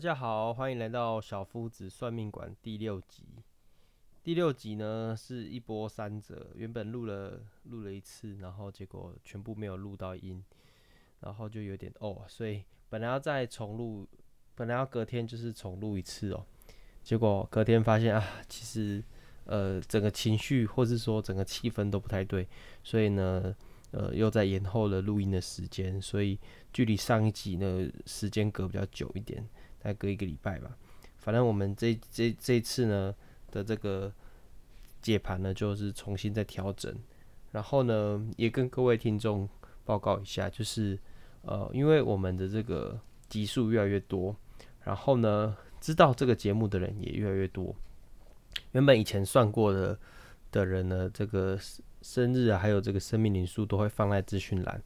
大家好，歡迎來到小夫子算命館第六集。第六集呢是一波三折，原本錄了錄了一次，然後結果全部沒有錄到音，然後就有點哦，所以本來要再重錄，本來要隔天就是重錄一次哦，結果隔天發現啊，其實呃整個情緒或是說整個氣氛都不太對，所以呢呃又再延後了錄音的時間，所以距離上一集呢時間隔比較久一點。再隔一個禮拜吧，反正我們這這這次呢的這個解盤呢，就是重新再調整。然後呢，也跟各位聽眾報告一下，就是呃，因為我們的這個集數越來越多，然後呢，知道這個節目的人也越來越多。原本以前算過的的人呢，這個生日啊，還有這個生命靈數，都會放在資訊欄。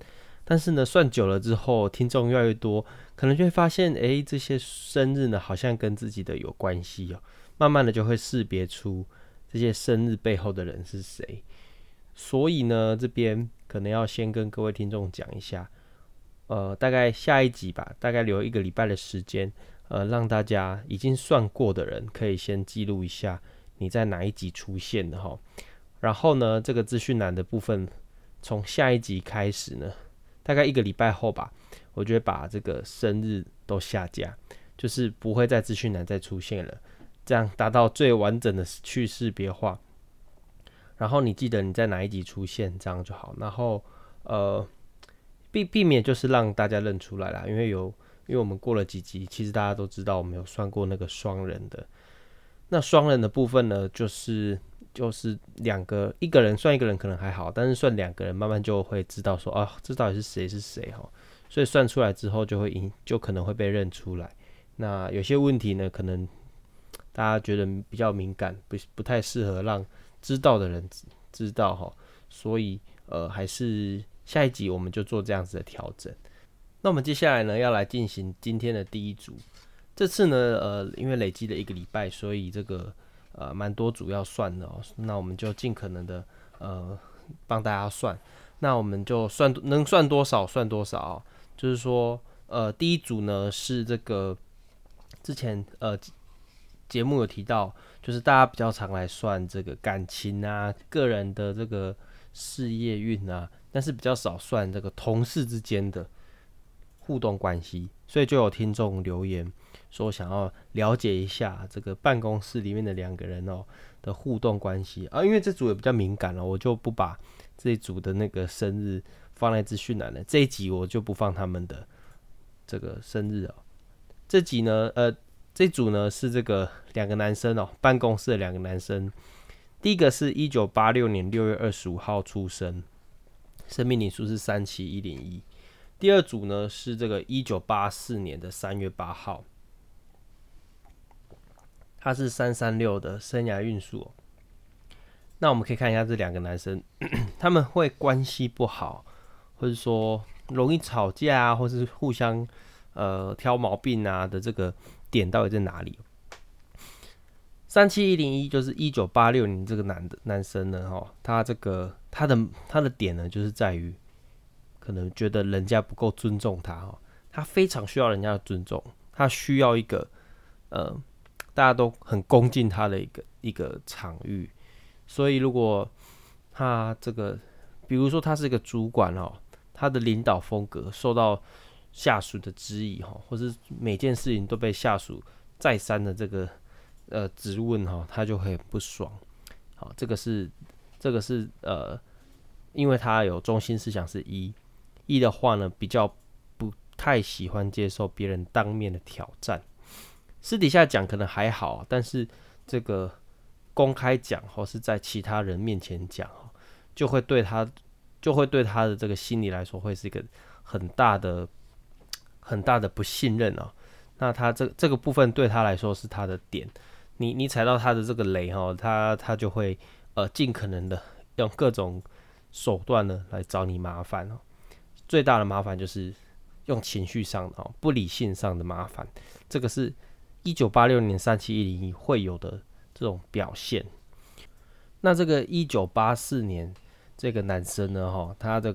但是呢，算久了之後，聽眾越來越多，可能就會發現，哎，這些生日呢，好像跟自己的有關係哦。慢慢的就會識別出這些生日背後的人是誰。所以呢，這邊可能要先跟各位聽眾講一下，呃，大概下一集吧，大概留一個禮拜的時間，呃，讓大家已經算過的人可以先記錄一下你在哪一集出現的哈。然後呢，這個資訊欄的部分，從下一集開始呢。大概一個禮拜後吧，我就會把這個生日都下架，就是不會在資訊欄再出現了，這樣達到最完整的去識別化。然後你記得你在哪一集出現，這樣就好。然後呃，避避免就是讓大家認出來啦，因為有因為我們過了幾集，其實大家都知道我們有算過那個雙人的，那雙人的部分呢，就是。就是兩個一個人算一個人可能還好，但是算兩個人慢慢就會知道說啊，這到底是誰是誰哈，所以算出來之後就會贏，就可能會被認出來。那有些問題呢，可能大家覺得比較敏感，不不太適合讓知道的人知道哈，所以呃還是下一集我們就做這樣子的調整。那我們接下來呢要來進行今天的第一組，這次呢呃因為累積了一個禮拜，所以這個。呃，蠻多組要算的哦，那我們就盡可能的呃幫大家算，那我們就算能算多少算多少，就是說呃第一組呢是這個之前呃節目有提到，就是大家比較常來算這個感情啊、個人的這個事業運啊，但是比較少算這個同事之間的互動關係，所以就有聽眾留言。說想要了解一下這個辦公室裡面的兩個人哦、喔、的互動關係啊，因為這組也比較敏感了、喔，我就不把這組的那個生日放在資訊欄了。這一集我就不放他們的這個生日哦、喔，這集呢，呃，這組呢是這個兩個男生哦、喔，辦公室的兩個男生。第一個是一九八六年六月二十五號出生，生命靈數是三七一零一。第二組呢是這個一九八四年的三月八號。他是三三六的生涯運數、喔，那我們可以看一下這兩個男生，他們會關係不好，或者說容易吵架啊，或者是互相呃挑毛病啊的這個點到底在哪裡？三七一零一就是一九八六年這個男的男生呢，哈、喔，他這個他的他的點呢，就是在於可能覺得人家不夠尊重他，哈、喔，他非常需要人家的尊重，他需要一個呃。大家都很恭敬他的一個一個場域，所以如果他這個，比如說他是一個主管哦，他的領導風格受到下屬的質疑哈，或是每件事情都被下屬再三的這個呃質問哈，他就會很不爽。好，這個是這個是呃，因為他有中心思想是一一的話呢，比較不太喜歡接受別人當面的挑戰。私底下講可能還好，但是這個公開講或是在其他人面前講，就會對他，就會對他的這個心理來說會是一個很大的、很大的不信任哦。那他這這個部分對他來說是他的點，你你踩到他的這個雷哈，他他就會呃盡可能的用各種手段呢來找你麻煩哦。最大的麻煩就是用情緒上的哦，不理性上的麻煩，這個是。一九八六年三七一零會有的這種表現，那這個一九八四年這個男生呢，哈，他的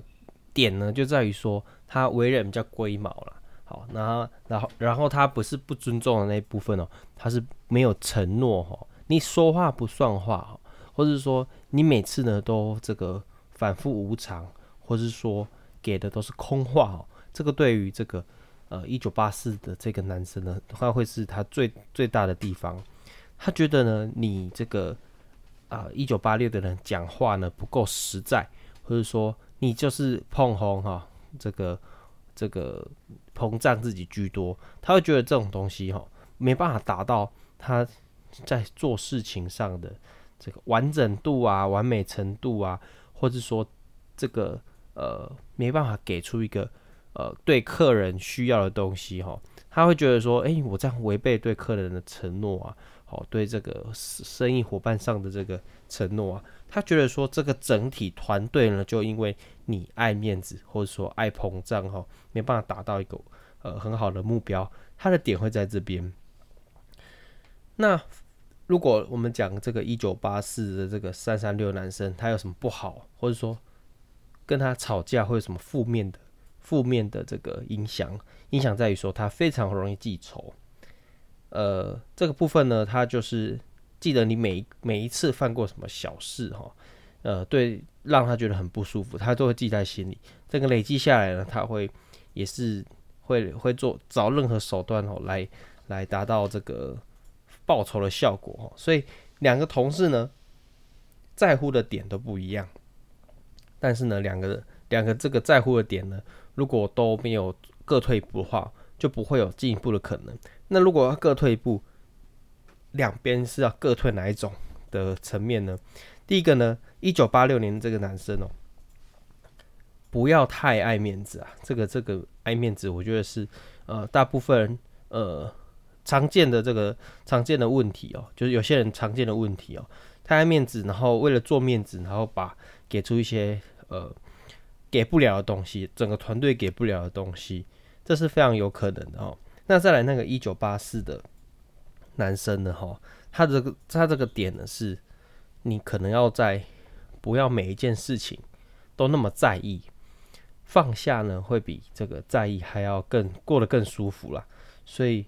點呢就在於說他為人比較龜毛啦。好，那然後然後,然後他不是不尊重的那一部分哦、喔，他是沒有承諾哈、喔，你說話不算話、喔，或是說你每次呢都這個反覆無常，或是說給的都是空話哦、喔，這個對於這個。呃，一九八四的這個男生呢，他會是他最最大的地方。他覺得呢，你這個啊，一九八六的人講話呢不夠實在，或者說你就是碰紅哈、啊，這個這個膨脹自己居多。他會覺得這種東西哈、啊，沒辦法達到他在做事情上的這個完整度啊、完美程度啊，或者說這個呃，沒辦法給出一個。呃，對客人需要的東西，哦，他會覺得說，哎，我這樣違背對客人的承諾啊，哦，對這個生意夥伴上的這個承諾啊，他覺得說，這個整體團隊呢，就因為你愛面子或者說愛膨脹，哦，沒辦法達到一個呃很好的目標，他的點會在這邊。那如果我們講這個一九八四的這個三三六男生，他有什麼不好，或者說跟他吵架會有什麼負面的？負面的這個影響，影響在於說他非常容易記仇。呃，這個部分呢，他就是記得你每每一次犯過什麼小事哈，呃，對，讓他覺得很不舒服，他都會記在心裡。這個累積下來呢，他會也是會會做找任何手段哦，來來達到這個報仇的效果。所以兩個同事呢，在乎的點都不一樣。但是呢，兩個兩個這個在乎的點呢。如果都沒有各退一步的話，就不會有進一步的可能。那如果要各退一步，兩邊是要各退哪一種的層面呢？第一個呢，一九八六年這個男生哦、喔，不要太愛面子啊。這個這個愛面子，我覺得是呃大部分人呃常見的這個常見的問題哦、喔，就是有些人常見的問題哦，太愛面子，然後為了做面子，然後把給出一些呃。給不了的東西，整個團隊給不了的東西，這是非常有可能的哦。那再來那個一九八四的男生呢、哦？哈，他這個他這個點呢是，你可能要在不要每一件事情都那麼在意，放下呢會比這個在意還要更過得更舒服啦。所以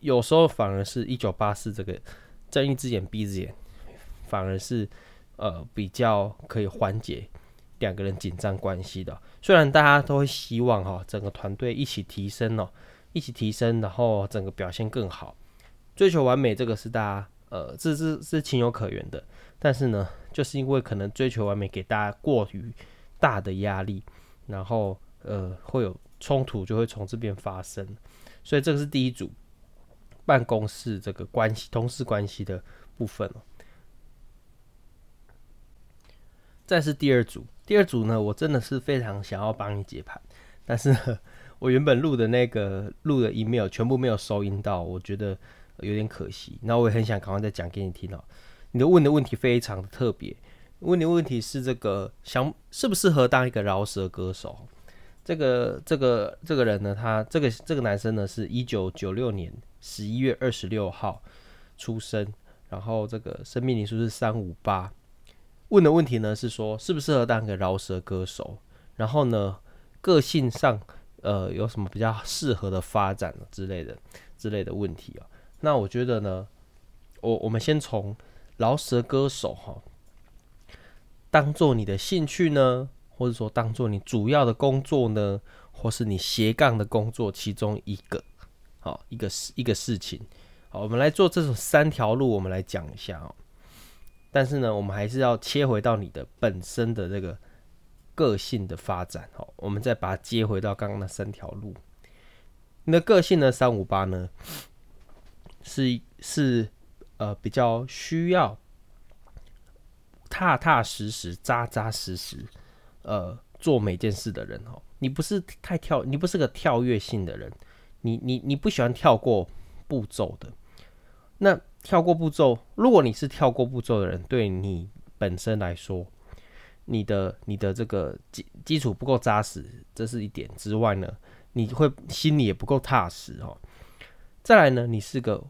有時候反而是一九八四這個睜一隻眼閉一隻眼，反而是呃比較可以緩解。兩個人緊張關係的、喔，雖然大家都會希望哈、喔，整個團隊一起提升哦、喔，一起提升，然後整個表現更好，追求完美這個是大家呃，這是是，是情有可原的，但是呢，就是因為可能追求完美給大家過於大的壓力，然後呃會有衝突就會從這邊發生，所以這個是第一組辦公室這個關係同事關係的部分、喔。再是第二組，第二組呢，我真的是非常想要幫你解盤，但是呢，我原本錄的那個錄的 email 全部沒有收音到，我覺得有點可惜。那我也很想趕快再講給你聽哦。你的問的問題非常的特別，問你的問題是這個想適不適合當一個饒舌歌手？這個這個這個人呢，他這個這個男生呢，是一九九六年十一月二十六號出生，然後這個生命靈數是三五八。問的問題呢是說適不適合當個饒舌歌手，然後呢個性上呃有什麼比較適合的發展之類的之類的問題啊？那我覺得呢，我我們先從饒舌歌手哈、啊，當做你的興趣呢，或者說當做你主要的工作呢，或是你斜槓的工作其中一個，好、哦、一個一個事情，好，我們來做這種三條路，我們來講一下哦、啊。但是呢，我們還是要切回到你的本身的這個個性的發展，我們再把它接回到剛剛那三條路。你的個性呢，三五八呢，是是呃比較需要踏踏實實、扎扎實實，呃做每件事的人哦。你不是太跳，你不是個跳躍性的人，你你你不喜歡跳過步驟的那。跳過步驟，如果你是跳過步驟的人，對你本身來說，你的你的這個基基礎不夠扎實，這是一點之外呢，你會心裡也不夠踏實哈。再來呢，你是個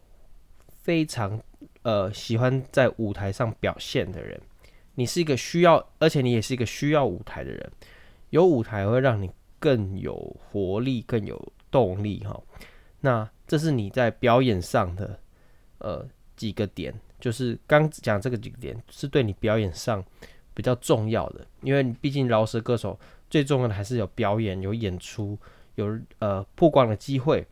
非常呃喜歡在舞台上表現的人，你是一個需要，而且你也是一個需要舞台的人，有舞台會讓你更有活力，更有動力哈。那這是你在表演上的呃。幾個點，就是剛講這個幾個點是對你表演上比較重要的，因為你畢竟饒舌歌手最重要的還是有表演、有演出、有呃曝光的機會。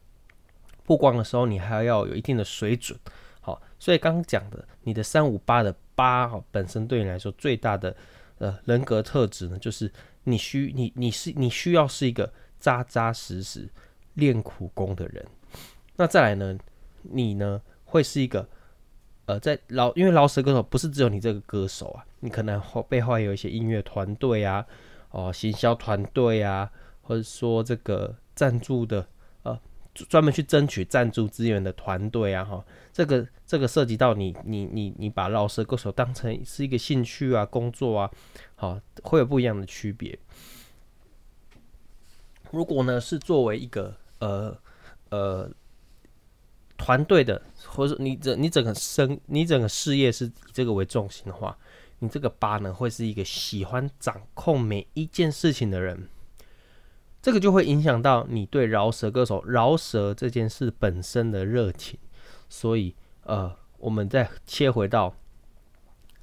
曝光的時候，你還要有一定的水準。好，所以剛剛講的，你的三五八的八、哦、本身對你來說最大的呃人格特質呢，就是你需你你是你需要是一個扎扎實實練苦功的人。那再來呢，你呢會是一個。呃、在饒，因為饒舌歌手不是只有你這個歌手啊，你可能後背後還有一些音樂團隊啊，哦、呃，行銷團隊啊，或者說這個贊助的，呃，專門去爭取贊助資源的團隊啊，哈、呃，這個這個涉及到你你你你把饒舌歌手當成是一個興趣啊，工作啊，好、呃，會有不一樣的區別。如果呢是作為一個呃呃。呃團隊的，或者你整你整個生你整個事業是以這個為重心的話，你這個八呢會是一個喜歡掌控每一件事情的人，這個就會影響到你對饒舌歌手饒舌這件事本身的熱情。所以，呃，我們再切回到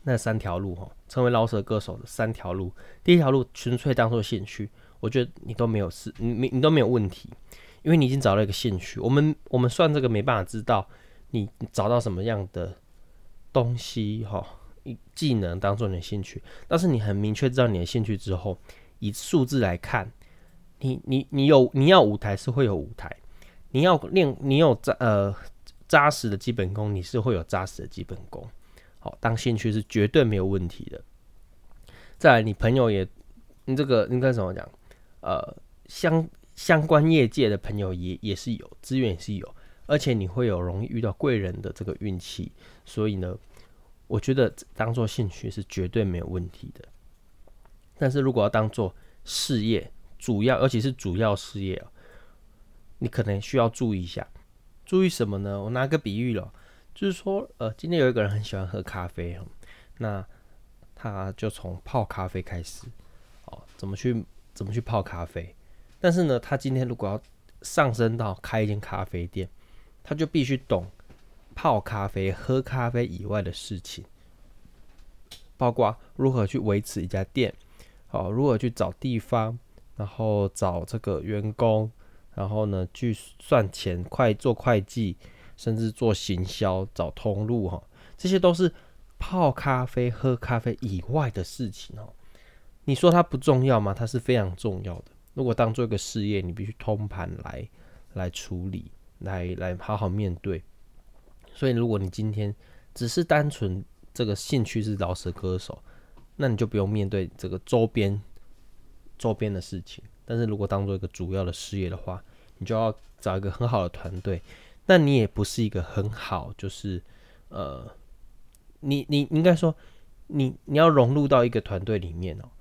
那三條路，成為饒舌歌手的三條路，第一條路純粹當做興趣，我覺得你都沒有事，你你都沒有問題。因為你已經找到了一個興趣，我們我們算這個沒辦法知道你找到什麼樣的東西哈，哦、技能當作你的興趣，但是你很明確知道你的興趣之後，以數字來看，你你你有你要舞台是會有舞台，你要練你有扎呃扎實的基本功，你是會有扎實的基本功，好、哦、當興趣是絕對沒有問題的。再來，你朋友也你這個應該怎麼講？呃相。相關業界的朋友也也是有資源，也是有，而且你會有容易遇到貴人的這個運氣，所以呢，我覺得當做興趣是絕對沒有問題的。但是如果要當做事業，主要尤其是主要事業，你可能需要注意一下，注意什麼呢？我拿個比喻了，就是說，呃，今天有一個人很喜歡喝咖啡，那他就從泡咖啡開始，哦，怎麼去怎麼去泡咖啡？但是呢，他今天如果要上升到開一間咖啡店，他就必須懂泡咖啡、喝咖啡以外的事情，包括如何去維持一家店，哦，如何去找地方，然後找這個員工，然後呢去算錢，會做會計，甚至做行銷找通路哈，這些都是泡咖啡、喝咖啡以外的事情哦。你說它不重要嗎？它是非常重要的。如果當做一個事業，你必須通盤來來處理，來來好好面對。所以，如果你今天只是單純這個興趣是饒舌歌手，那你就不用面對這個周邊周邊的事情。但是如果當做一個主要的事業的話，你就要找一個很好的團隊。那你也不是一個很好，就是呃，你你,你應該說你你要融入到一個團隊裡面哦、喔，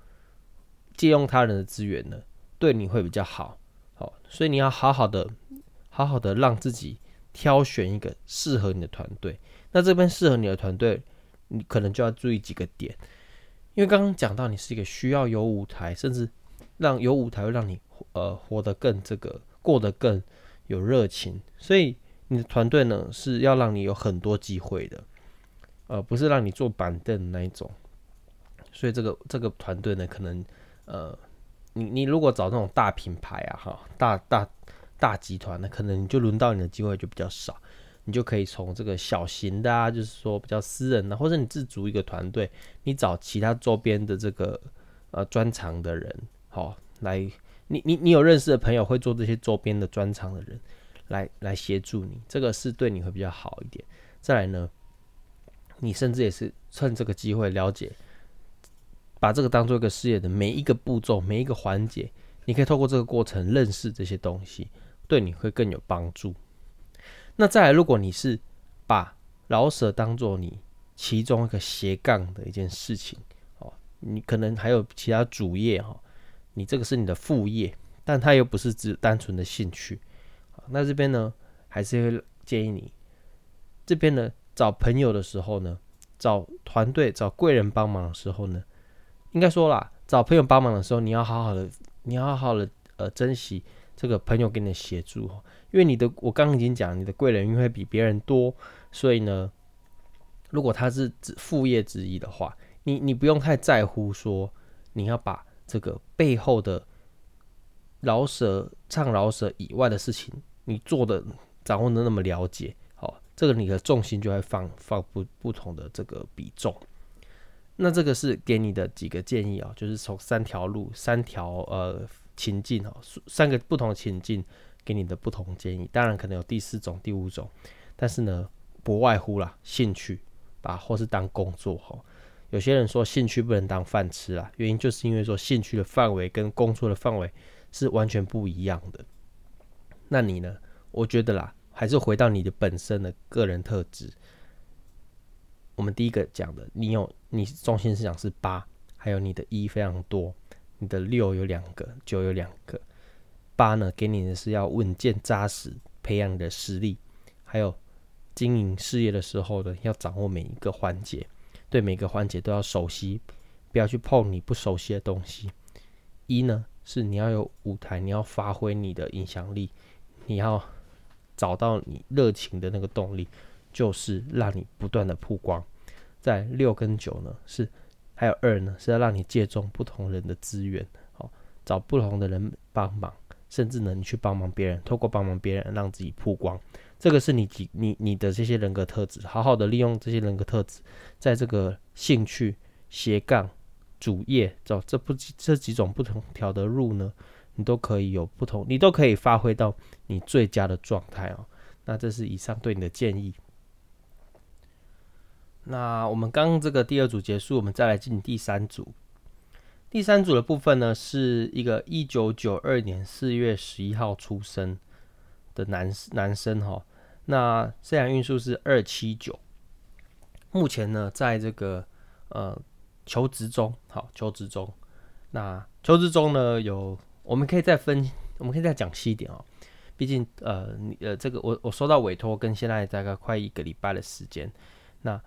借用他人的資源呢。對你會比較好，好、哦，所以你要好好的、好好的讓自己挑選一個適合你的團隊。那這邊適合你的團隊，你可能就要注意幾個點，因為剛剛講到你是一個需要有舞台，甚至讓有舞台會讓你呃活得更這個過得更有熱情。所以你的團隊呢，是要讓你有很多機會的，而、呃、不是讓你坐板凳那一種。所以這個這個團隊呢，可能呃。你你如果找這種大品牌啊，哈、哦，大大大集團呢，可能你就輪到你的機會就比較少。你就可以從這個小型的，啊，就是說比較私人的、啊，或者你自組一個團隊，你找其他周邊的這個呃專長的人，好、哦、來，你你你有認識的朋友會做這些周邊的專長的人來，來來協助你，這個是對你會比較好一點。再來呢，你甚至也是趁這個機會了解。把這個當作一個事業的每一個步驟，每一個環節，你可以透過這個過程認識這些東西，對你會更有幫助。那再來，如果你是把饒舌當作你其中一個斜槓的一件事情哦，你可能還有其他主業，你這個是你的副業，但它又不是只單純的興趣。那這邊呢，還是會建議你這邊呢，找朋友的時候呢，找團隊、找貴人幫忙的時候呢。應該說啦，找朋友幫忙的時候，你要好好的，你要好好的呃珍惜這個朋友給你的協助，因為你的我剛剛已經講，你的貴人運會比別人多，所以呢，如果他是副業之一的話，你你不用太在乎說你要把這個背後的饒舌唱饒舌以外的事情，你做的掌握的那麼了解，哦，這個你的重心就會放放不不同的這個比重。那這個是給你的幾個建議啊、哦，就是從三條路、三條呃情境哦，三個不同情境給你的不同建議。當然可能有第四種、第五種，但是呢，不外乎啦，興趣吧，或是當工作哈。有些人說興趣不能當飯吃啦，原因就是因為說興趣的範圍跟工作的範圍是完全不一樣的。那你呢？我覺得啦，還是回到你的本身的個人特質。我們第一個講的，你有你中心思想是八，還有你的一非常多，你的六有兩個，九有兩個，八呢給你的是要穩健扎實，培養你的實力，還有經營事業的時候呢，要掌握每一個環節，對每個環節都要熟悉，不要去碰你不熟悉的東西。一呢是你要有舞台，你要發揮你的影響力，你要找到你熱情的那個動力。就是讓你不斷的曝光，在六跟九呢是還有二呢是要讓你借重不同人的資源，好、哦，找不同的人幫忙，甚至呢你去幫忙別人，透過幫忙別人讓自己曝光，這個是你幾你你的這些人格特質，好好的利用這些人格特質，在這個興趣斜槓主業找這不這幾種不同條的路呢，你都可以有不同，你都可以發揮到你最佳的狀態哦。那這是以上對你的建議。那我們剛剛這個第二組結束，我們再來進第三組。第三組的部分呢，是一個一九九二年四月十一號出生的男男生哈。那自然運數是二七九。目前呢，在這個呃求職中，好求職中。那求職中呢，有我們可以再分，我們可以再講細一點哦。畢竟呃呃，這個我我收到委託跟現在大概快一個禮拜的時間，那。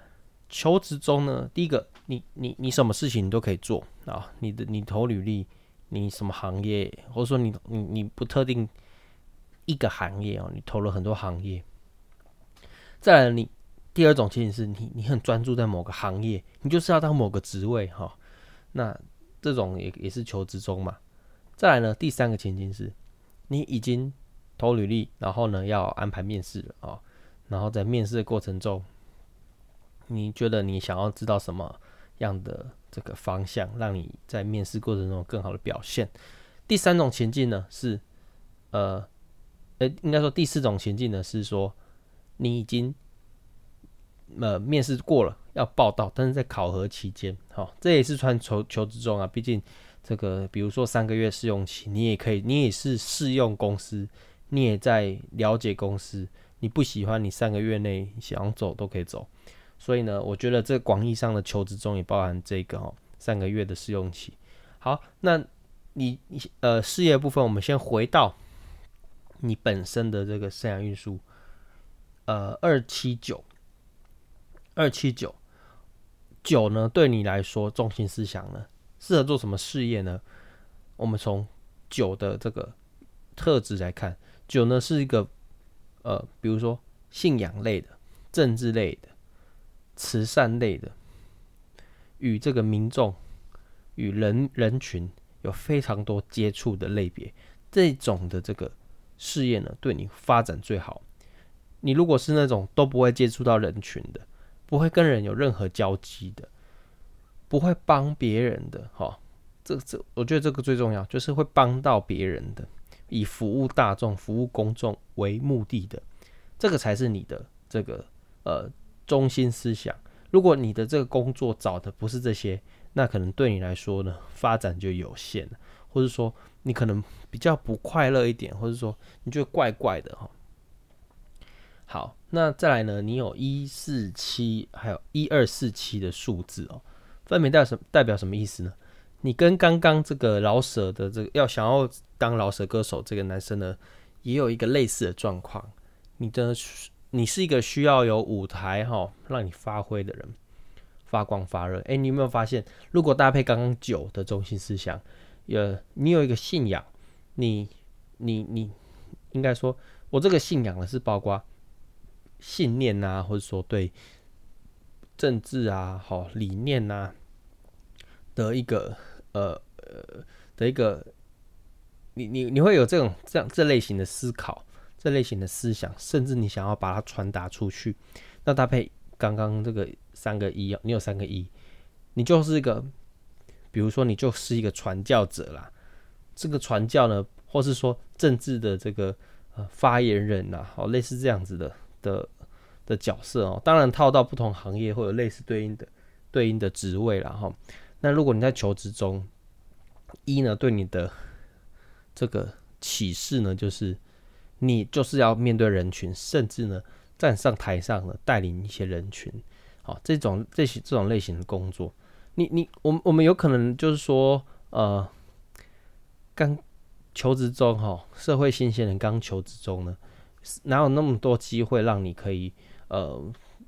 求職中呢，第一個，你你你什麼事情你都可以做啊，你的你投履歷，你什麼行業，或者說你你你不特定一個行業哦，你投了很多行業。再來呢，你第二種情形是你你很專注在某個行業，你就是要到某個職位哈、哦，那這種也也是求職中嘛。再來呢，第三個情形是你已經投履歷，然後呢要安排面試了哦，然後在面試的過程中。你覺得你想要知道什麼樣的這個方向，讓你在面試過程中更好的表現？第三種情境呢是，呃，欸、應該說第四種情境呢是說你已經呃面試過了，要報到，但是在考核期間、哦，這也是穿求求職中啊，畢竟這個比如說三個月試用期，你也可以，你也是試用公司，你也在了解公司，你不喜歡，你三個月內想走都可以走。所以呢，我覺得這個廣義上的求職中也包含這個哦，三個月的試用期。好，那你，你呃事業部分，我們先回到你本身的這個生涯運輸，呃二七九二七九九呢，對你來說，中心思想呢，適合做什麼事業呢？我們從九的這個特質來看，九呢是一個呃，比如說信仰類的、政治類的。慈善類的，與這個民眾，與人人群有非常多接觸的類別，這種的這個事業呢，對你發展最好。你如果是那種都不會接觸到人群的，不會跟人有任何交集的，不會幫別人的，吼，這這，我覺得這個最重要，就是會幫到別人的，以服務大眾、服務公眾為目的的，這個才是你的這個呃。中心思想。如果你的這個工作找的不是這些，那可能對你來說呢，發展就有限了，或者說你可能比較不快樂一點，或者說你覺得怪怪的哈。好，那再來呢？你有一四七，還有一二四七的數字哦，分別代表什麼，代表什麼意思呢？你跟剛剛這個饒舌的這個要想要當饒舌歌手這個男生呢，也有一個類似的狀況，你真的。你是一個需要有舞台哈、哦，讓你發揮的人，發光發熱。哎、欸，你有沒有發現，如果搭配剛剛九的中心思想，有，你有一個信仰，你你你，你應該說，我這個信仰呢是包括信念吶、啊，或者說對政治啊、好、哦、理念吶、啊，的一個呃呃的一個，你你你會有這種這樣這類型的思考。這類型的思想，甚至你想要把它傳達出去，那搭配剛剛這個三個一，你有三個一，你就是一個，比如說你就是一個傳教者啦，這個傳教呢，或是說政治的這個，呃，發言人啦，哦，類似這樣子的的的角色哦，當然套到不同行業或者類似對應的對應的職位啦哈、哦。那如果你在求職中，一呢對你的這個啟示呢就是。你就是要面對人群，甚至呢站上台上的帶領一些人群，好，這種這些這種類型的工作，你你我們我們有可能就是說呃剛求職中哈、哦、社會新鮮人剛求職中呢，哪有那麼多機會讓你可以呃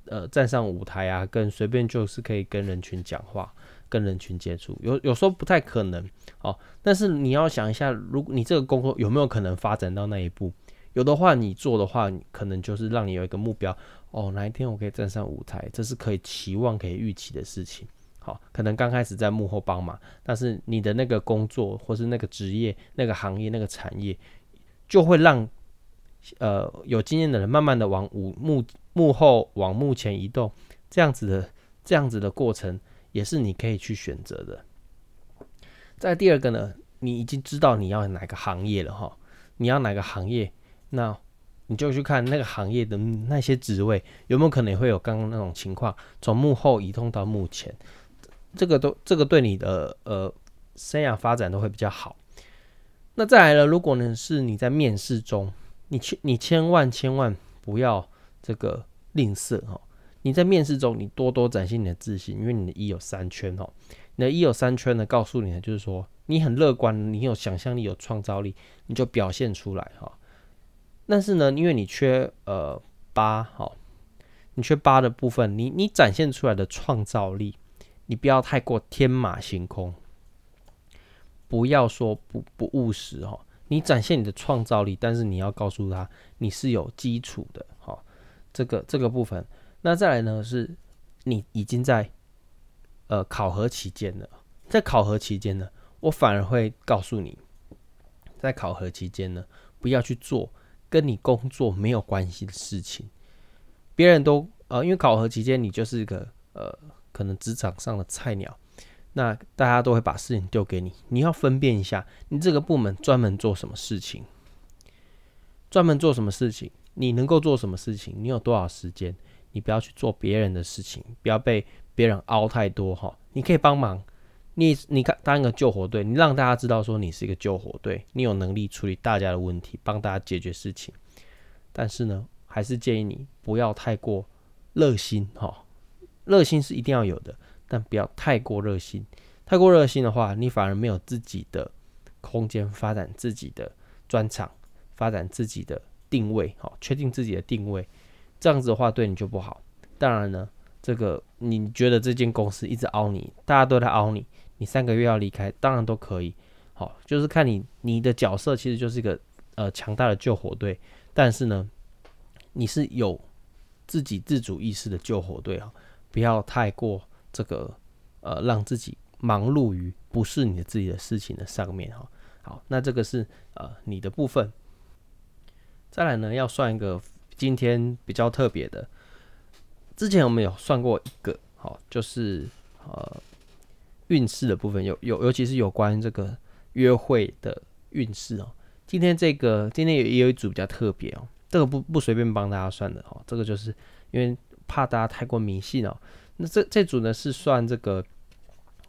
呃站上舞台啊，跟隨便就是可以跟人群講話，跟人群接觸，有有時候不太可能哦，但是你要想一下，如果你這個工作有沒有可能發展到那一步？有的話，你做的話，可能就是讓你有一個目標哦。哪一天我可以站上舞台，這是可以期望、可以預期的事情。好，可能剛開始在幕後幫忙，但是你的那個工作，或是那個職業、那個行業、那個產業，就會讓呃有經驗的人慢慢的往幕幕幕後往幕前移動。這樣子的、這樣子的過程，也是你可以去選擇的。再第二個呢，你已經知道你要哪個行業了哈，你要哪個行業？那你就去看那個行業的那些職位有沒有可能會有剛剛那種情況，從幕後移動到幕前，這個都這個對你的呃生涯發展都會比較好。那再來呢，如果呢是你在面試中，你千你千萬千萬不要這個吝嗇哈、喔，你在面試中你多多展現你的自信，因為你的一、e、有三圈哦、喔，你的一、e、有三圈呢，告訴你呢，就是說你很樂觀，你有想象力，有創造力，你就表現出來哈、喔。但是呢，因為你缺呃八哈、哦，你缺八的部分，你你展現出來的創造力，你不要太過天馬行空，不要說不不務實哦，你展現你的創造力，但是你要告訴他你是有基礎的哦，這個這個部分，那再來呢是，你已經在呃考核期間了，在考核期間呢，我反而會告訴你，在考核期間呢，不要去做。跟你工作沒有關係的事情，別人都呃，因為考核期間你就是一個呃，可能職場上的菜鳥，那大家都會把事情丟給你，你要分辨一下，你這個部門專門做什麼事情，專門做什麼事情，你能夠做什麼事情，你有多少時間，你不要去做別人的事情，不要被別人凹太多哈、哦，你可以幫忙。你你看當一個救火隊，你讓大家知道說你是一個救火隊，你有能力處理大家的問題，幫大家解決事情。但是呢，還是建議你不要太過熱心哈。熱心是一定要有的，但不要太過熱心。太過熱心的話，你反而沒有自己的空間發展自己的專長，發展自己的定位，哈，確定自己的定位。這樣子的話，對你就不好。當然呢，這個你覺得這間公司一直凹你，大家都在凹你。你三個月要離開，當然都可以。好，就是看你你的角色其實就是一個呃強大的救火隊，但是呢，你是有自己自主意識的救火隊啊，不要太過這個呃讓自己忙碌於不是你自己的事情的上面哈。好，那這個是呃你的部分。再來呢，要算一個今天比較特別的，之前我們有算過一個，好，就是呃。運勢的部分有有，尤其是有關這個約會的運勢哦。今天這個今天也有一組比較特別哦、喔，這個不不隨便幫大家算的哦、喔。這個就是因為怕大家太過迷信哦、喔。那這這組呢是算這個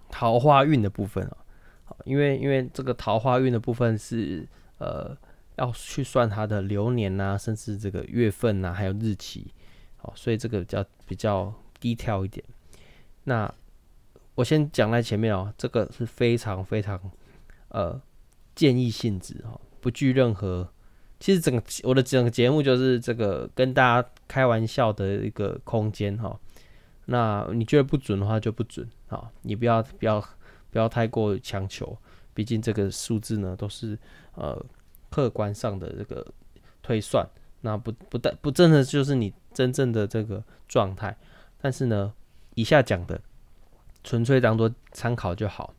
桃花運的部分哦。好，因為因為這個桃花運的部分是呃要去算它的流年吶、啊，甚至這個月份吶、啊，還有日期哦、喔，所以這個比較比較低調一點。那我先講在前面哦，這個是非常非常，呃，建議性質哦，不具任何。其實整個我的整個節目就是這個跟大家開玩笑的一個空間哈、哦。那你覺得不準的話就不準啊、哦，你不要不要不要太過強求，畢竟這個數字呢都是呃客觀上的這個推算，那不不但不真的就是你真正的這個狀態。但是呢，以下講的。純粹當做參考就好。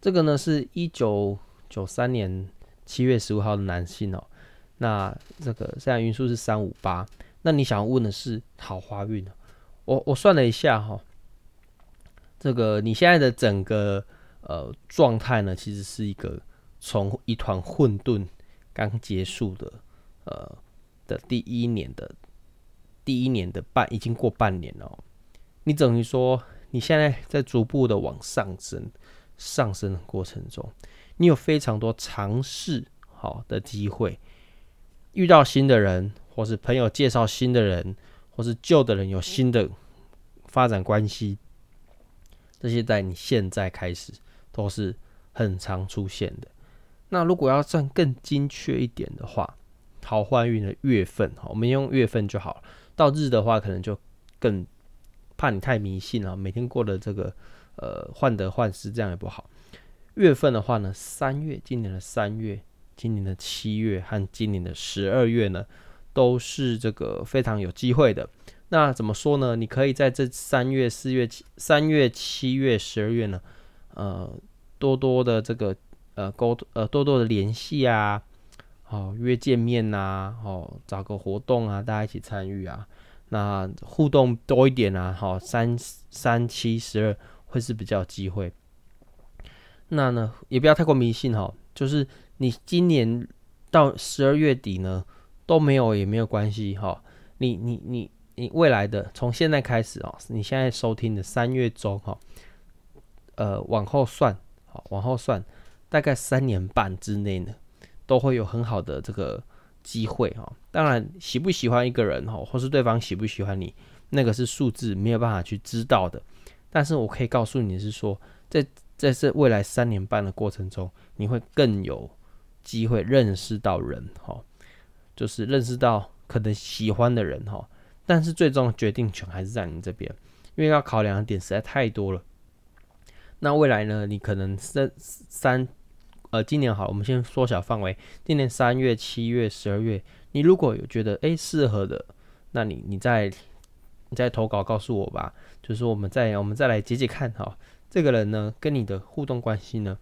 這個呢是1993年7月15號的男性哦。那這個現在運數是三五八。那你想問的是桃花運？我我算了一下哈哦，這個你現在的整個呃狀態呢，其實是一個從一團混沌剛結束的呃的第一年的第一年的半，已經過半年了哦。你等於說。你現在在逐步的往上升，上升的過程中，你有非常多嘗試好的機會，遇到新的人，或是朋友介紹新的人，或是舊的人有新的發展關係，這些在你現在開始都是很常出現的。那如果要算更精確一點的話，桃花運的月份哈，我們用月份就好了，到日的話可能就更，怕你太迷信了，每天過的這個呃患得患失，這樣也不好。月份的話呢，三月今年的三月、今年的七月和今年的十二月呢，都是這個非常有機會的。那怎麼說呢？你可以在這三月、四月、三月、七月、十二月呢，呃，多多的這個呃溝呃多多的聯繫啊，哦約見面吶，哦找個活動啊，大家一起參與啊。那互動多一點啊，好，三三七十二會是比較有機會。那呢，也不要太過迷信哈，就是你今年到十二月底呢都沒有也沒有關係哈。你你你你未來的從現在開始啊，你現在收聽的三月中哈，呃往後算好往後算大概三年半之內呢，都會有很好的這個。機會哈、哦，當然喜不喜歡一個人哈、哦，或是對方喜不喜歡你，那個是數字沒有辦法去知道的。但是我可以告訴你，是說在在這未來三年半的過程中，你會更有機會認識到人哈、哦，就是認識到可能喜歡的人哈、哦。但是最終決定權還是在你這邊，因為要考量的點實在太多了。那未來呢，你可能三三。呃，今年好，我們先縮小範圍。今年三月、七月、十二月，你如果有覺得哎適合的，那你你再你再投稿告訴我吧。就是我們再我們再來解解看哈、哦，這個人呢跟你的互動關係呢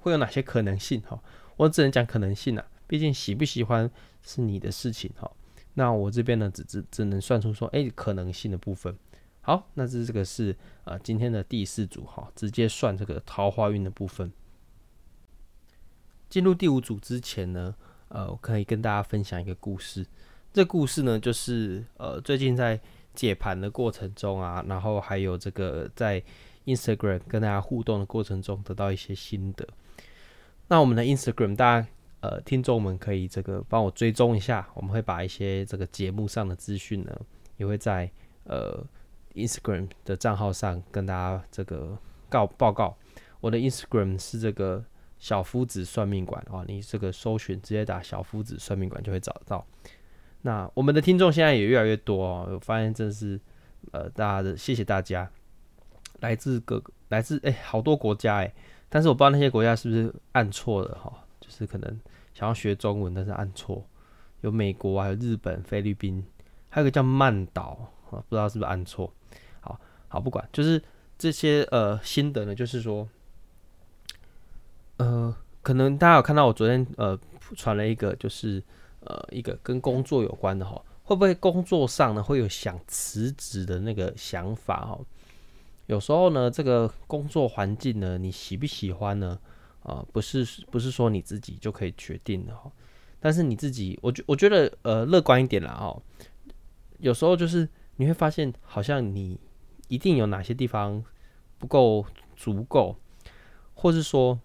會有哪些可能性哈、哦？我只能講可能性啊，畢竟喜不喜歡是你的事情哈、哦。那我這邊呢，只只只能算出說哎可能性的部分。好，那這這個是啊、呃、今天的第四組哈、哦，直接算這個桃花運的部分。進入第五組之前呢，呃，我可以跟大家分享一個故事。這個故事呢，就是呃，最近在解盤的過程中啊，然後還有這個在 Instagram 跟大家互動的過程中得到一些心得。那我們的 Instagram 大家，呃，聽眾們可以這個幫我追蹤一下，我們會把一些這個節目上的資訊呢，也會在呃 Instagram 的賬號上跟大家這個告報告。我的 Instagram 是這個。小夫子算命館啊，你這個搜尋直接打小夫子算命館就會找到。那我們的聽眾現在也越來越多哦，我發現真的是呃，大家的謝謝大家，來自各個來自哎、欸、好多國家哎，但是我不知道那些國家是不是按錯了哈，就是可能想要學中文，但是按錯，有美國還、啊、有日本菲律賓，還有個叫曼島啊，不知道是不是按錯，好，好不管，就是這些呃心得呢，就是說。呃，可能大家有看到我昨天呃傳了一個，就是呃一個跟工作有關的哈，會不會工作上呢會有想辭職的那個想法哈？有時候呢，這個工作環境呢，你喜不喜歡呢？啊、呃，不是不是說你自己就可以決定的哈。但是你自己，我覺我覺得呃樂觀一點啦。哦。有時候就是你會發現，好像你一定有哪些地方不夠足夠，或是說。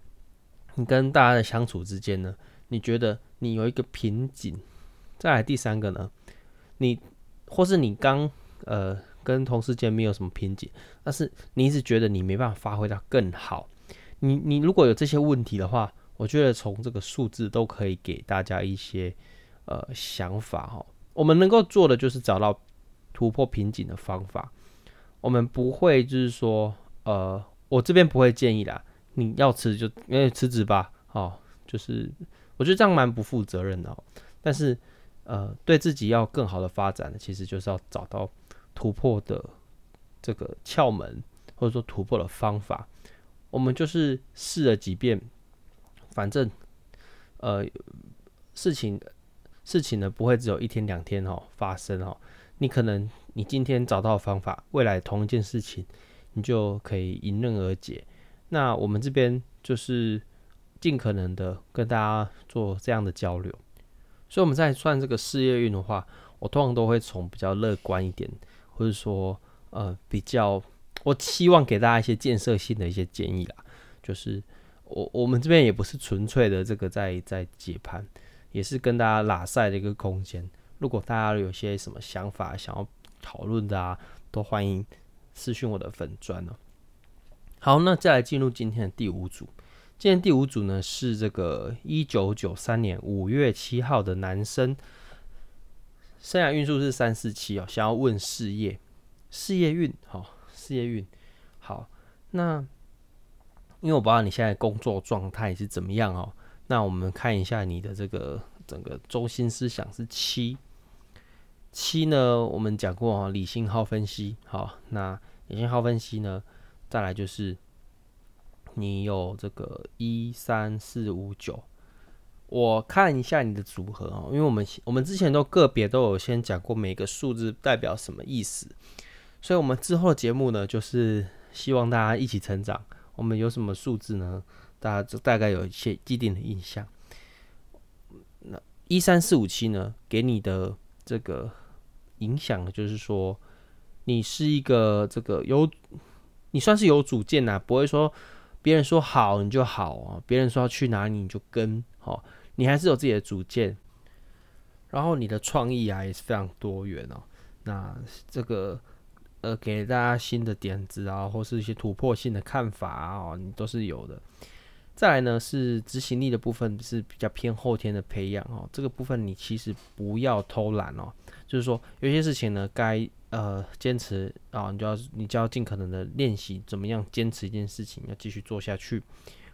你跟大家的相處之間呢，你覺得你有一個瓶頸？再來第三個呢，你或是你剛呃跟同事間沒有什麼瓶頸，但是你一直覺得你沒辦法發揮到更好。你你如果有這些問題的話，我覺得從這個數字都可以給大家一些呃想法哦，我們能夠做的就是找到突破瓶頸的方法。我們不會就是說呃，我這邊不會建議啦。你要辭就因為辭職吧，哦，就是我覺得這樣蠻不負責任的，哦，但是呃，對自己要更好的發展，其實就是要找到突破的這個竅門，或者說突破的方法。我們就是試了幾遍，反正呃事情事情呢不會只有一天兩天哈、哦、發生哈、哦，你可能你今天找到的方法，未來同一件事情你就可以迎刃而解。那我們這邊就是盡可能的跟大家做這樣的交流，所以我們在算這個事業運的話，我通常都會從比較樂觀一點，或者說呃比較，我希望給大家一些建設性的一些建議啦。就是我我們這邊也不是純粹的這個在在解盤，也是跟大家拉賽的一個空間。如果大家有些什麼想法想要討論的啊，都歡迎私訊我的粉專哦。好，那再來進入今天的第五組。今天第五組呢是這個一九九三年五月七號的男生，生涯運數是三四七哦。想要問事業，事業運，好，哦，事業運，好。那因為我不知道你現在工作狀態是怎麼樣哦。那我們看一下你的這個整個中心思想是七七呢？我們講過哦，理性好分析，好，哦，那理性好分析呢？再來就是，你有這個一三四五九，我看一下你的組合啊、喔，因為我們我們之前都個別都有先講過每個數字代表什麼意思，所以我們之後的節目呢，就是希望大家一起成長。我們有什麼數字呢？大家就大概有一些既定的印象。那一三四五七呢，給你的這個影響就是說，你是一個這個有。你算是有主見啊，不會說別人說好你就好哦、啊，別人說要去哪裡你就跟哦，你還是有自己的主見。然後你的創意啊也是非常多元哦，那這個呃給大家新的點子啊，或是一些突破性的看法啊，哦、你都是有的。再來呢是執行力的部分是比較偏後天的培養哦，這個部分你其實不要偷懶哦。就是說，有些事情呢，該呃堅持啊、哦，你就要你就要盡可能的練習怎麼樣堅持一件事情，要繼續做下去，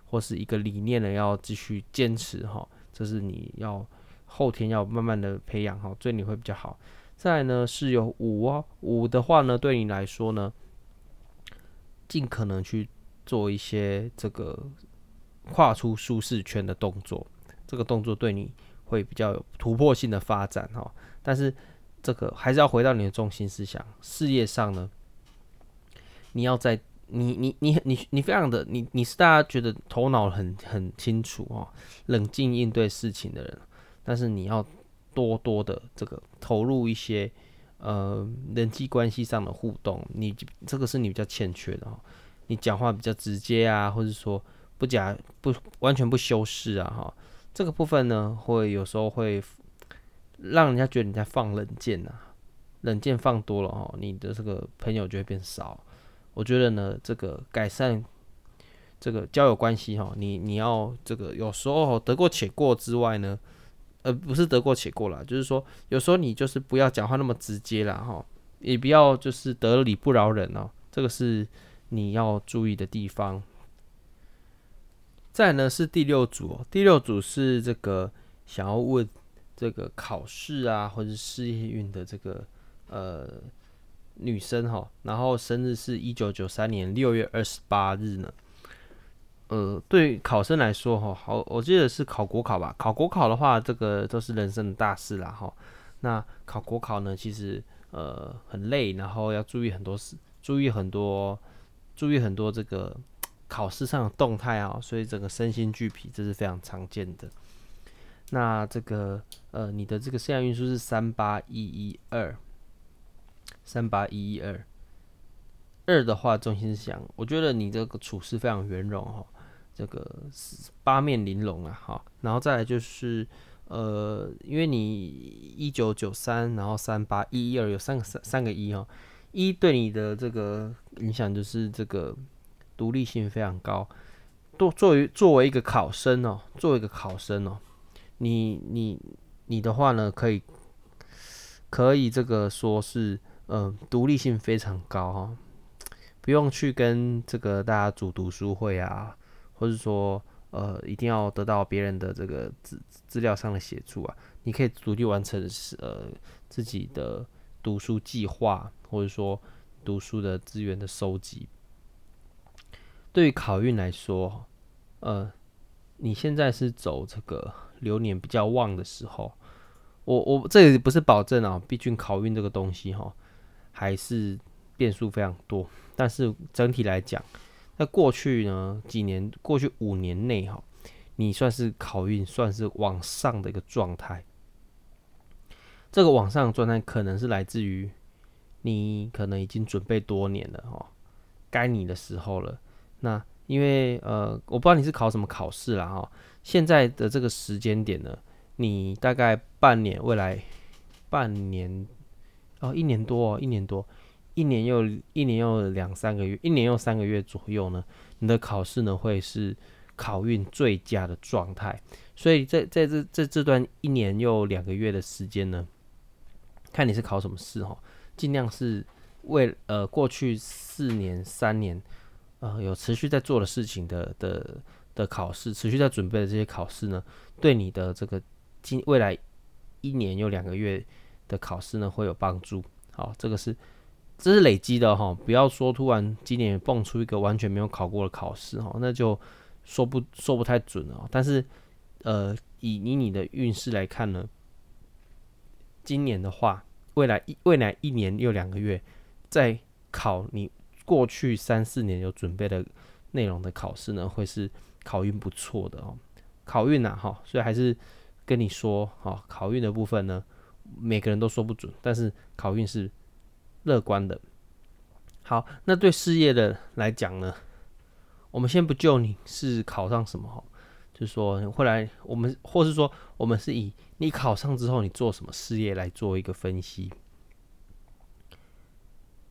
或是一個理念呢，要繼續堅持哈，這是你要後天要慢慢的培養哈，對、哦、你會比較好。再來呢是有五五、哦、的話呢，對你來說呢，盡可能去做一些這個跨出舒適圈的動作，這個動作對你會比較有突破性的發展哈、哦，但是，這個還是要回到你的中心思想。事業上呢，你要在你你你你你非常的你你是大家覺得頭腦很很清楚哦，冷靜應對事情的人。但是你要多多的這個投入一些呃人際關係上的互動。你這個是你比較欠缺的、哦、你講話比較直接啊，或者說不講，不完全不修飾啊哈、哦。這個部分呢，會有時候會。讓人家覺得你在放冷箭啊，冷箭放多了哦，你的這個朋友就會變少。我覺得呢，這個改善這個交友關係哈，你你要這個有時候得過且過之外呢，呃，不是得過且過啦，就是說有時候你就是不要講話那麼直接啦，哈，也不要就是得理不饒人哦，這個是你要注意的地方。再呢是第六組，第六組是這個想要問。這個考試啊，或者事業運的這個呃女生哈，然後生日是一九九三年六月二十八日呢。呃，對於考生來說哈，好，我記得是考國考吧？考國考的話，這個都是人生的大事啦哈。那考國考呢，其實呃很累，然後要注意很多事，注意很多，注意很多這個考試上的動態啊，所以整個身心俱疲，這是非常常見的。那這個呃，你的這個現在運勢是三八一一二，三八一一二，二的話中心是想，我覺得你這個處事非常圓融哦，這個八面玲瓏啊，好，然後再來就是呃，因為你一九九三，然後三八一一二有三個三三個一哦，一對你的這個影響就是這個獨立性非常高，都作為作為一個考生哦，作為一個考生哦。你你你的話呢？可以可以，這個說是呃，獨立性非常高啊、哦，不用去跟這個大家組讀書會啊，或者說呃，一定要得到別人的這個資資料上的協助啊，你可以獨立完成呃自己的讀書計劃，或者說讀書的資源的收集。對於考運來說，呃，你現在是走這個。流年比較旺的時候，我我這裡不是保證啊，畢竟考運這個東西哈，還是變數非常多。但是整體來講，在過去呢幾年，過去五年內哈，你算是考運算是往上的一個狀態。這個往上的狀態可能是來自於你可能已經準備多年了哈，該你的時候了。那因為呃，我不知道你是考什麼考試啦，哈。現在的這個時間點呢，你大概半年未來，半年，哦，年哦，一年多，一年多，一年又一年又兩三個月，一年又三個月左右呢，你的考試呢會是考運最佳的狀態。所以在，在這在這這這段一年又兩個月的時間呢，看你是考什麼試哦，儘量是為呃過去四年三年，啊、呃，有持續在做的事情的的。的考試持續在準備的這些考試呢，對你的這個今未來一年又兩個月的考試呢，會有幫助。好，這個是這是累積的哈，不要說突然今年蹦出一個完全沒有考過的考試哈，那就說不說不太準了。但是呃，以你你的運勢來看呢，今年的話，未來一未來一年又兩個月，在考你過去三四年有準備的內容的考試呢，會是。考運不錯的哦，考運啊。哈，所以還是跟你說哈，考運的部分呢，每個人都說不準，但是考運是樂觀的。好，那對事業的來講呢，我們先不就你是考上什麼哈，就是說後來我們或是說我們是以你考上之後你做什麼事業來做一個分析。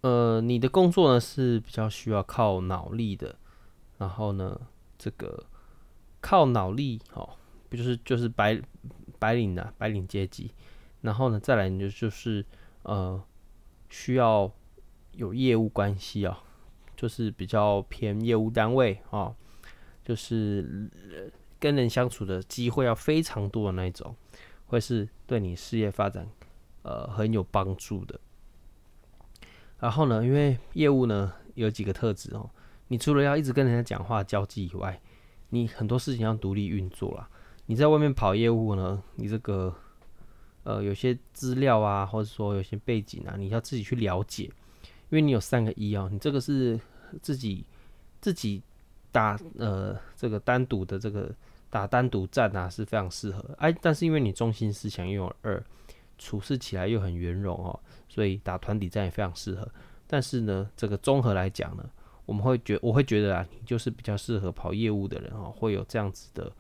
呃，你的工作呢是比較需要靠腦力的，然後呢，這個靠腦力哦，不就是就是白白領的啊，白領階級，然後呢，再來你就就是呃需要有業務關係哦，就是比較偏業務單位哦，就是跟人相處的機會要非常多的那一種，會是對你事業發展呃很有幫助的。然後呢，因為業務呢有幾個特質哦。你除了要一直跟人家講話交際以外，你很多事情要獨立運作啦。你在外面跑業務呢，你這個呃有些資料啊，或者說有些背景啊，你要自己去了解。因為你有三個一啊哦，你這個是自己自己打呃這個單獨的這個打單獨戰啊是非常適合。哎，但是因為你中心思想又有二，處事起來又很圓融哦，所以打團體戰也非常適合。但是呢，這個綜合來講呢。我們會覺我會覺得啊，你就是比較適合跑業務的人哦，會有這樣子的，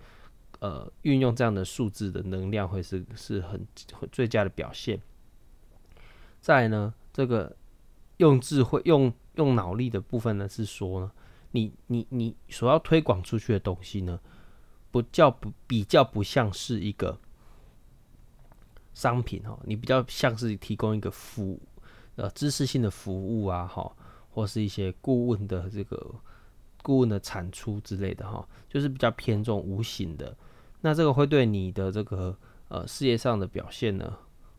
呃，運用這樣的數字的能量會是是很，很最佳的表現。再來呢，這個用智慧、用用腦力的部分呢，是說呢，你你你所要推廣出去的東西呢，不叫不比較不像是一個商品哦，你比較像是提供一個服呃知識性的服務啊哈、哦。或是一些顧問的這個顧問的產出之類的哈，就是比較偏重無形的。那這個會對你的這個呃事業上的表現呢，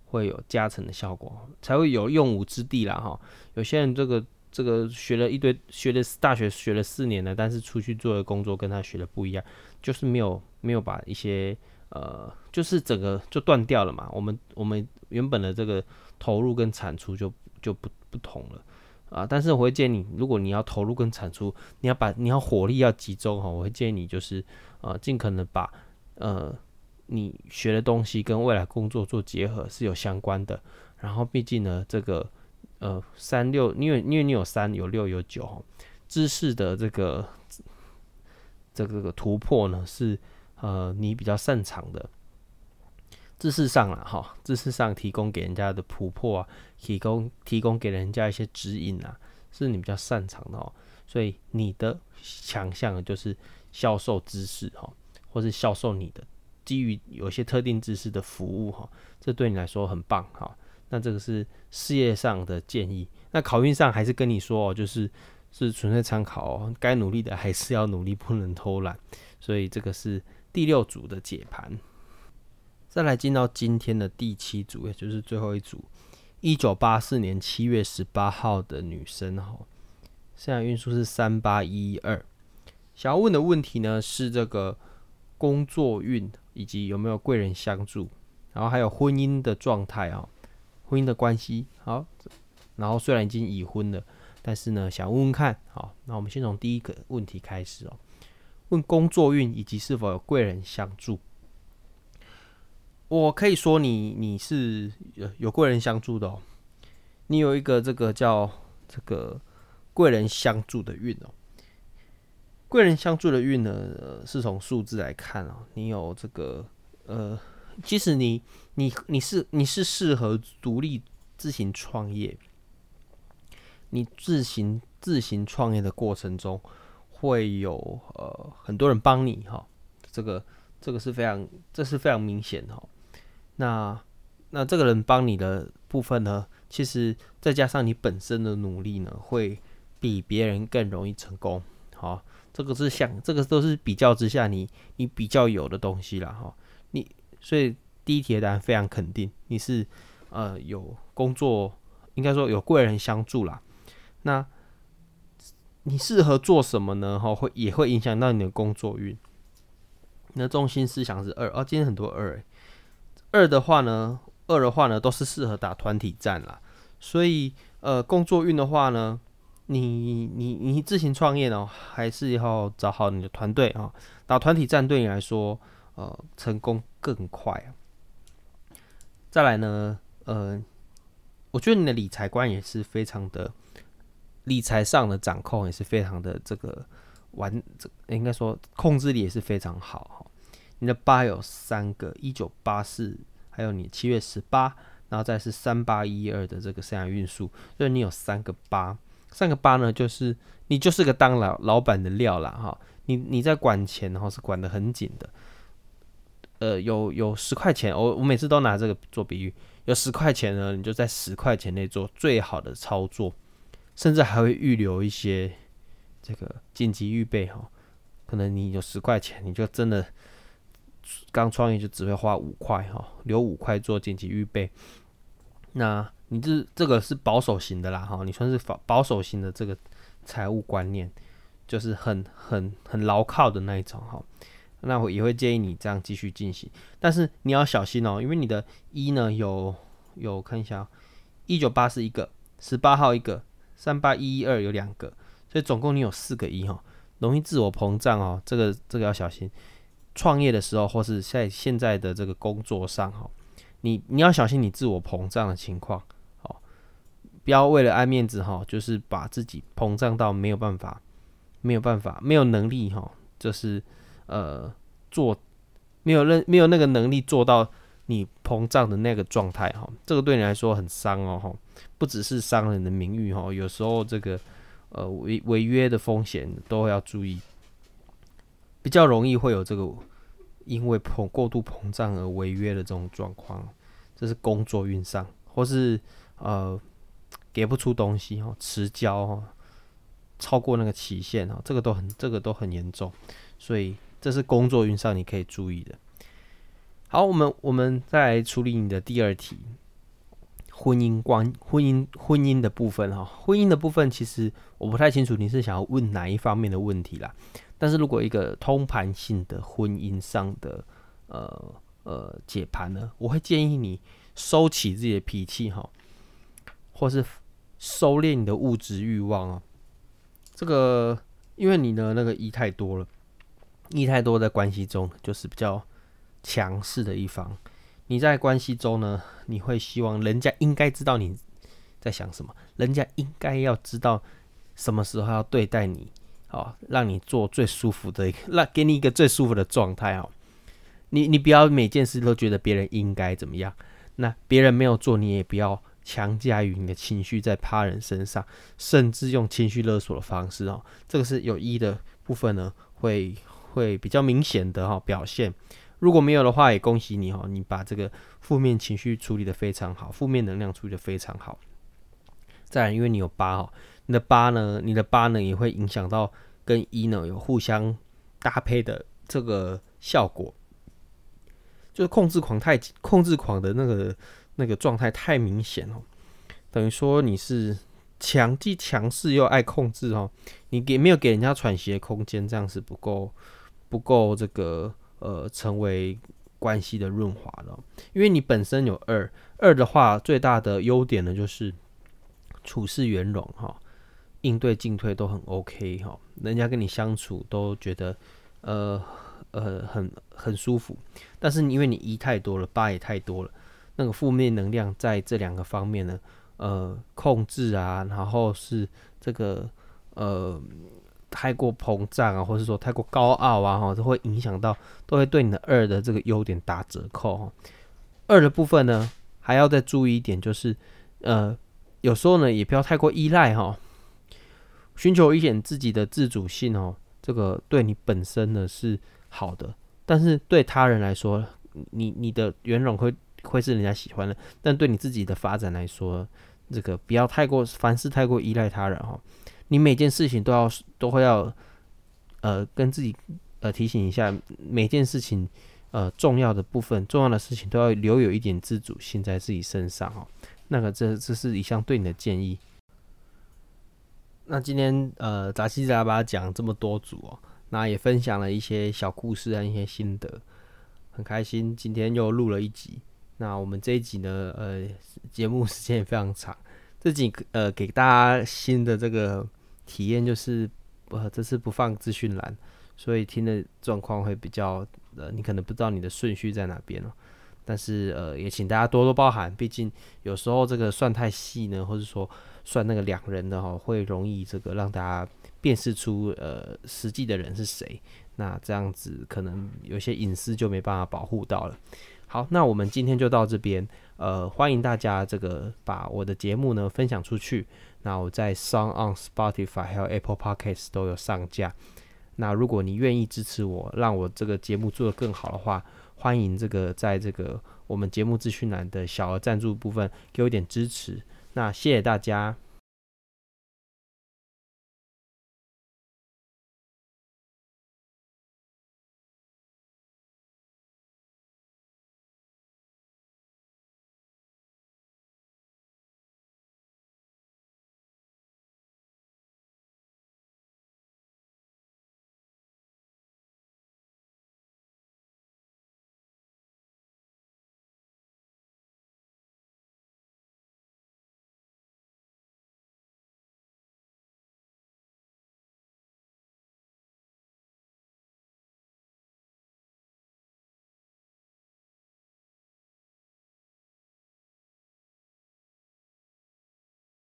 會有加成的效果，才會有用武之地啦哈。有些人這個這個學了一堆，學了大學學了四年了，但是出去做的工作跟他學的不一樣，就是沒有沒有把一些呃，就是整個就斷掉了嘛。我們我們原本的這個投入跟產出就就不不同了。啊，但是我會建議你，如果你要投入跟產出，你要把你要火力要集中哈，我會建議你就是，呃、啊，儘可能把，呃，你學的東西跟未來工作做結合是有相關的。然後畢竟呢，這個呃三六，因為因為你有三有六有九哈，知識的這個、這個、這個突破呢是呃你比較擅長的。知識上了、啊、哈，知識上提供給人家的突破啊，提供提供給人家一些指引啊，是你比較擅長的哦，所以你的強項就是銷售知識哈，或是銷售你的基於有一些特定知識的服務哈，這對你來說很棒哈。那這個是事業上的建議，那考運上還是跟你說哦，就是是純粹參考哦，該努力的還是要努力，不能偷懶。所以這個是第六組的解盤。再來進到今天的第七組，也就是最後一組，一九八四年七月十八號的女生哈，現在運數是三八一一二，想要問的問題呢是這個工作運以及有沒有貴人相助，然後還有婚姻的狀態啊，婚姻的關係好，然後雖然已經已婚了，但是呢想問問看，好，那我們先從第一個問題開始哦，問工作運以及是否有貴人相助。我可以說你，你你是有有貴人相助的哦。你有一個這個叫這個貴人相助的運哦。貴人相助的運呢，呃，是從數字來看哦。你有這個呃，其實你你你你是你是適合獨立自行創業。你自行自行創業的過程中，會有呃很多人幫你哈。這個這個是非常這是非常明顯哈。那那這個人幫你的部分呢？其實再加上你本身的努力呢，會比別人更容易成功。好、哦，這個是相，這個都是比較之下你，你你比較有的東西了哈、哦。你所以第一題的答案非常肯定，你是呃有工作，應該說有貴人相助啦。那你適合做什麼呢？會、哦、也會影響到你的工作運。那中心思想是二啊、哦，今天很多二哎。二的話呢，二的話呢，都是適合打團體戰啦。所以，呃，工作運的話呢，你你你自行創業呢、哦，還是要找好你的團隊啊、哦。打團體戰對你來說，呃，成功更快。再來呢，呃，我覺得你的理財觀也是非常的，理財上的掌控也是非常的這個完，這應該說控制力也是非常好。你的八有三個，一九八四，還有你七月十八，然後再是三八一二的這個生涯運輸。所以你有三個八，三個八呢，就是你就是個當老老板的料啦哈。你你在管錢，然後是管得很緊的。呃，有有十塊錢，我我每次都拿這個做比喻。有十塊錢呢，你就在十塊錢內做最好的操作，甚至還會預留一些這個緊急預備哈。可能你有十塊錢，你就真的。剛創業就只會花五塊哈，留五塊做緊急預備。那你這這個是保守型的啦哈，你算是保保守型的這個財務觀念，就是很很很牢靠的那一種哈。那我也會建議你這樣繼續進行，但是你要小心哦，因為你的一、e、呢有有看一下，一九八四是一個，十八號一個，三八一一二有兩個，所以總共你有四個一、e、哈、哦，容易自我膨脹哦，這個這個要小心。創業的時候，或是在現在的這個工作上，哈，你你要小心你自我膨脹的情況，好，不要為了愛面子，哈，就是把自己膨脹到沒有辦法、沒有辦法、沒有能力，哈，就是呃做沒有任沒有那個能力做到你膨脹的那個狀態，哈，這個對你來說很傷哦，不只是傷人的名譽，哦，有時候這個呃違違約的風險都要注意，比較容易會有這個。因為膨過度膨脹而違約的這種狀況，這是工作運上，或是呃給不出東西哦，遲交哦，超過那個期限哦，這個都很這個都很嚴重，所以這是工作運上你可以注意的。好，我們我們再來處理你的第二題。婚姻關婚姻婚姻的部分哈、啊，婚姻的部分其實我不太清楚你是想要問哪一方面的問題啦。但是如果一個通盤性的婚姻上的呃呃解盤呢，我會建議你收起自己的脾氣哈，或是收斂你的物質欲望哦、啊。這個因為你的那個意太多了，意太多的關係中就是比較強勢的一方。你在關係中呢，你會希望人家應該知道你在想什麼，人家應該要知道什麼時候要對待你，哦，讓你做最舒服的，那給你一個最舒服的狀態哦。你你不要每件事都覺得別人應該怎麼樣，那別人沒有做，你也不要強加於你的情緒在他人身上，甚至用情緒勒索的方式哦。這個是有益的部分呢，會會比較明顯的哈、哦、表現。如果沒有的話，也恭喜你哈、喔！你把這個負面情緒處理的非常好，負面能量處理的非常好。再來，因為你有八哈，你的八呢，你的八呢，也會影響到跟一呢有互相搭配的這個效果。就是控制狂太，控制狂的那個那個狀態太明顯哦，等於說你是強，既強勢又愛控制哦、喔，你給沒有給人家喘息的空間，這樣子不夠不夠這個。呃，成為關係的潤滑了、哦，因為你本身有二二的話，最大的優點呢就是處事圓融哈、哦，應對進退都很 OK 哈、哦，人家跟你相處都覺得呃呃很很舒服。但是因為你一太多了，八也太多了，那個負面能量在這兩個方面呢，呃，控制啊，然後是這個呃。太過膨脹啊，或是說太過高傲啊，哈，都會影響到，都會對你的二的這個優點打折扣。二的部分呢，還要再注意一點，就是，呃，有時候呢，也不要太過依賴哈，尋求一點自己的自主性哦，這個對你本身呢是好的，但是對他人來說，你你的圓融會會是人家喜歡的，但對你自己的發展來說，這個不要太過，凡事太過依賴他人哈。你每件事情都要都會要，呃，跟自己呃提醒一下，每件事情呃重要的部分、重要的事情都要留有一點自主性在自己身上哦。那個這，這這是一項對你的建議。那今天呃，雜七雜八,八講這麼多組哦，那也分享了一些小故事啊，一些心得，很開心。今天又錄了一集，那我們這一集呢，呃，節目時間也非常長，自己呃，給大家新的這個。體驗就是，呃，這次不放資訊欄，所以聽的狀況會比較，呃，你可能不知道你的順序在哪邊了哦。但是，呃，也請大家多多包涵，畢竟有時候這個算太細呢，或者說算那個兩人的哈哦，會容易這個讓大家辨識出，呃，實際的人是誰。那這樣子可能有些隱私就沒辦法保護到了。好，那我們今天就到這邊，呃，歡迎大家這個把我的節目呢分享出去。那我在 SoundOn、Spotify 還有 Apple Podcasts 都有上架。那如果你願意支持我，讓我這個節目做得更好的話，歡迎這個在這個我們節目資訊欄的小額贊助部分給我一點支持。那謝謝大家。